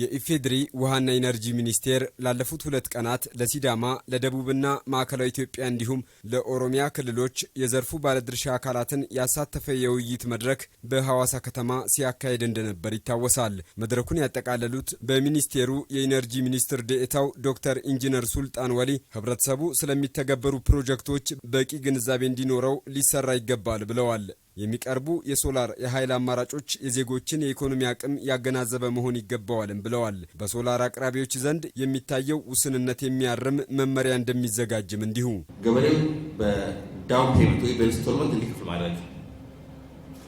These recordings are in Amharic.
የኢፌድሪ ውሃና ኢነርጂ ሚኒስቴር ላለፉት ሁለት ቀናት ለሲዳማ ለደቡብና ማዕከላዊ ኢትዮጵያ እንዲሁም ለኦሮሚያ ክልሎች የዘርፉ ባለድርሻ አካላትን ያሳተፈ የውይይት መድረክ በሐዋሳ ከተማ ሲያካሄድ እንደነበር ይታወሳል። መድረኩን ያጠቃለሉት በሚኒስቴሩ የኢነርጂ ሚኒስትር ዴኤታው ዶክተር ኢንጂነር ሱልጣን ወሊ ህብረተሰቡ ስለሚተገበሩ ፕሮጀክቶች በቂ ግንዛቤ እንዲኖረው ሊሰራ ይገባል ብለዋል። የሚቀርቡ የሶላር የኃይል አማራጮች የዜጎችን የኢኮኖሚ አቅም ያገናዘበ መሆን ይገባዋልም ብለዋል። በሶላር አቅራቢዎች ዘንድ የሚታየው ውስንነት የሚያርም መመሪያ እንደሚዘጋጅም እንዲሁ ገበሬው በዳውን ፔመንት ወይ በኢንስቶልመንት እንዲከፍል ማድረግ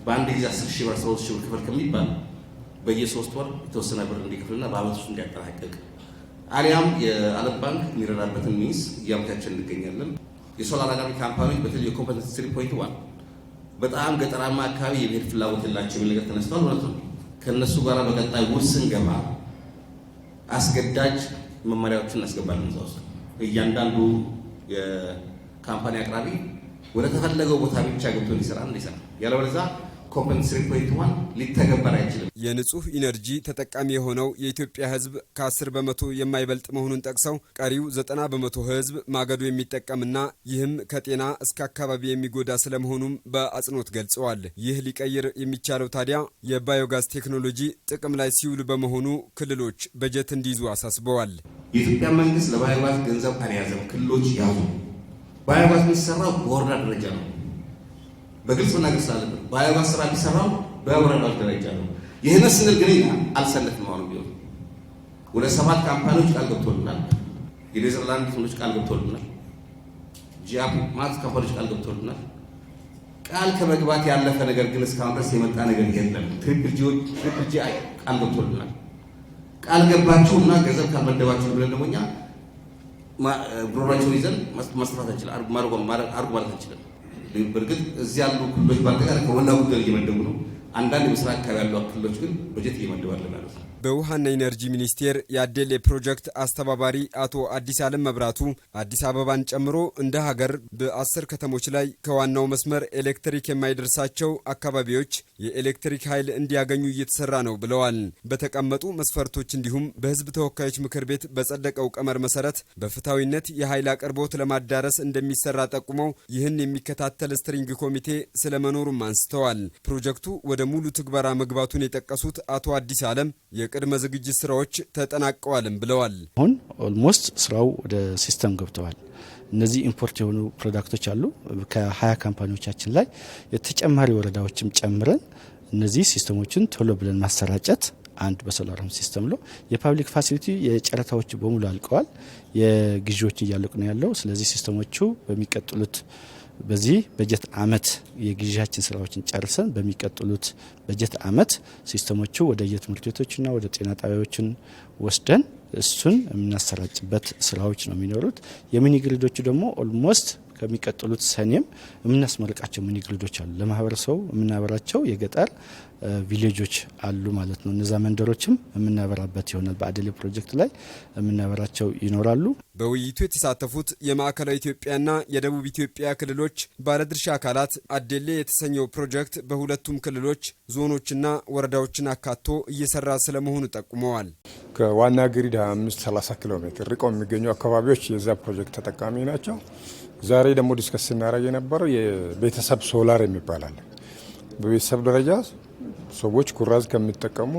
በአንድ ጊዜ አስር ሺህ ብር ሰባት ሁለት ሺህ ብር ክፍል ከሚባል በየሶስት ወር የተወሰነ ብር እንዲከፍልና በአመት ውስጥ እንዲያጠናቀቅ አሊያም የዓለም ባንክ የሚረዳበትን ሚኒስ እያመቻቸን እንገኛለን። የሶላር አቅራቢ ካምፓኒዎች በተለይ የኮምፐንሳቶሪ ፖይንት ዋን በጣም ገጠራማ አካባቢ የብሄር ፍላጎት የላቸው የሚል ነገር ተነስተዋል ማለት ነው። ከእነሱ ጋር በቀጣይ ውስጥ ስንገባ አስገዳጅ መመሪያዎችን እናስገባለን። እዛ ውስጥ እያንዳንዱ የካምፓኒ አቅራቢ ወደ ተፈለገው ቦታ ብቻ ገብቶ እንዲሰራ እንዲሰራ ያለበለዚያ ሊተገበር አይችልም። የንጹህ ኢነርጂ ተጠቃሚ የሆነው የኢትዮጵያ ህዝብ ከ10 በመቶ የማይበልጥ መሆኑን ጠቅሰው ቀሪው 90 በመቶ ህዝብ ማገዶ የሚጠቀምና ይህም ከጤና እስከ አካባቢ የሚጎዳ ስለመሆኑም በአጽንኦት ገልጸዋል። ይህ ሊቀይር የሚቻለው ታዲያ የባዮጋዝ ቴክኖሎጂ ጥቅም ላይ ሲውል በመሆኑ ክልሎች በጀት እንዲይዙ አሳስበዋል። የኢትዮጵያ መንግስት ለባዮጋዝ ገንዘብ አልያዘም። ክልሎች ያዙ። ባዮጋዝ የሚሰራው በወረዳ ደረጃ ነው። በግልጽ መናገር ስላለብን በአለባ ስራ የሚሰራው በወረዳዎች ደረጃ ነው። ይህንን ስንል ግን አልሰለፍም። አሁን ቢሆን ወደ ሰባት ካምፓኒዎች ቃል ገብቶልናል። የኔዘርላንድ ቶች ቃል ገብቶልናል። ጂአፕ ማት ካምፓኒዎች ቃል ገብቶልናል። ቃል ከመግባት ያለፈ ነገር ግን እስካሁን ድረስ የመጣ ነገር የለም። ትሪፕል ጂዎች ትሪፕል ጂ አይ ቃል ገብቶልናል። ቃል ገባችሁ እና ገንዘብ ካልመደባችሁ ብለን ደግሞ እኛ ጉሮሯቸውን ይዘን ማስተፋት አንችልም፣ አርጉ ማለት አንችልም። በእርግጥ እዚህ ያሉ ክልሎች ባጠቃላይ ከወና ጉዳይ እየመደቡ ነው አንዳንድ ምስራቅ አካባቢ ያሉ ክልሎች ግን በጀት እየመደባለ ማለት ነው። በውሃና ኢነርጂ ሚኒስቴር የአዴሌ ፕሮጀክት አስተባባሪ አቶ አዲስ አለም መብራቱ አዲስ አበባን ጨምሮ እንደ ሀገር በአስር ከተሞች ላይ ከዋናው መስመር ኤሌክትሪክ የማይደርሳቸው አካባቢዎች የኤሌክትሪክ ኃይል እንዲያገኙ እየተሰራ ነው ብለዋል። በተቀመጡ መስፈርቶች እንዲሁም በሕዝብ ተወካዮች ምክር ቤት በጸደቀው ቀመር መሰረት በፍትሐዊነት የኃይል አቅርቦት ለማዳረስ እንደሚሰራ ጠቁመው ይህን የሚከታተል ስትሪንግ ኮሚቴ ስለመኖሩም አንስተዋል። ፕሮጀክቱ ወደ ሙሉ ትግበራ መግባቱን የጠቀሱት አቶ አዲስ አለም የቅድመ ዝግጅት ስራዎች ተጠናቀዋልም ብለዋል። አሁን ኦልሞስት ስራው ወደ ሲስተም ገብተዋል። እነዚህ ኢምፖርት የሆኑ ፕሮዳክቶች አሉ። ከሀያ ካምፓኒዎቻችን ላይ የተጨማሪ ወረዳዎችም ጨምረን እነዚህ ሲስተሞችን ቶሎ ብለን ማሰራጨት አንድ በሶላርም ሲስተም ነው። የፓብሊክ ፋሲሊቲ የጨረታዎች በሙሉ አልቀዋል። የግዢዎች እያለቁ ነው ያለው። ስለዚህ ሲስተሞቹ በሚቀጥሉት በዚህ በጀት አመት የግዢያችን ስራዎችን ጨርሰን በሚቀጥሉት በጀት አመት ሲስተሞቹ ወደ የትምህርት ቤቶችና ወደ ጤና ጣቢያዎችን ወስደን እሱን የምናሰራጭበት ስራዎች ነው የሚኖሩት። ግሪዶቹ ደግሞ ኦልሞስት ከሚቀጥሉት ሰኔም የምናስመርቃቸው ሚኒግሪዶች አሉ። ለማህበረሰቡ የምናበራቸው የገጠር ቪሌጆች አሉ ማለት ነው። እነዛ መንደሮችም የምናበራበት ይሆናል። በአደሌ ፕሮጀክት ላይ የምናበራቸው ይኖራሉ። በውይይቱ የተሳተፉት የማዕከላዊ ኢትዮጵያና የደቡብ ኢትዮጵያ ክልሎች ባለድርሻ አካላት አዴሌ የተሰኘው ፕሮጀክት በሁለቱም ክልሎች ዞኖችና ወረዳዎችን አካቶ እየሰራ ስለመሆኑ ጠቁመዋል። ከዋና ግሪድ 25 30 ኪሎ ሜትር ርቀው የሚገኙ አካባቢዎች የዛ ፕሮጀክት ተጠቃሚ ናቸው። ዛሬ ደግሞ ዲስከስ ስናደርግ የነበረው የቤተሰብ ሶላር የሚባላል በቤተሰብ ደረጃ ሰዎች ኩራዝ ከሚጠቀሙ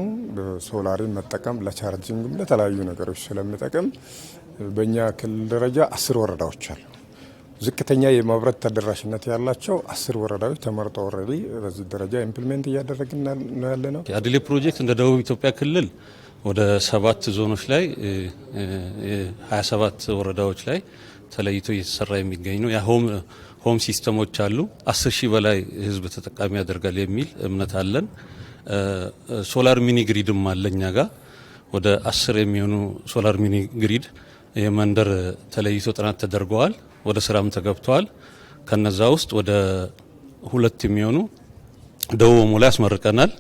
ሶላርን መጠቀም ለቻርጅንግም ለተለያዩ ነገሮች ስለሚጠቅም በእኛ ክልል ደረጃ አስር ወረዳዎች አሉ። ዝቅተኛ የማብረት ተደራሽነት ያላቸው አስር ወረዳዎች ተመርጦ ኦልሬዲ በዚህ ደረጃ ኢምፕሊሜንት እያደረግን ነው ያለ ነው። የአድሌ ፕሮጀክት እንደ ደቡብ ኢትዮጵያ ክልል ወደ ሰባት ዞኖች ላይ 27 ወረዳዎች ላይ ተለይቶ እየተሰራ የሚገኝ ነው። ሆም ሲስተሞች አሉ። አስር ሺህ በላይ ህዝብ ተጠቃሚ ያደርጋል የሚል እምነት አለን። ሶላር ሚኒ ግሪድም አለ እኛ ጋር ወደ አስር የሚሆኑ ሶላር ሚኒ ግሪድ የመንደር ተለይቶ ጥናት ተደርገዋል። ወደ ስራም ተገብተዋል። ከነዛ ውስጥ ወደ ሁለት የሚሆኑ ደቡብ ኦሞ ላይ አስመርቀናል።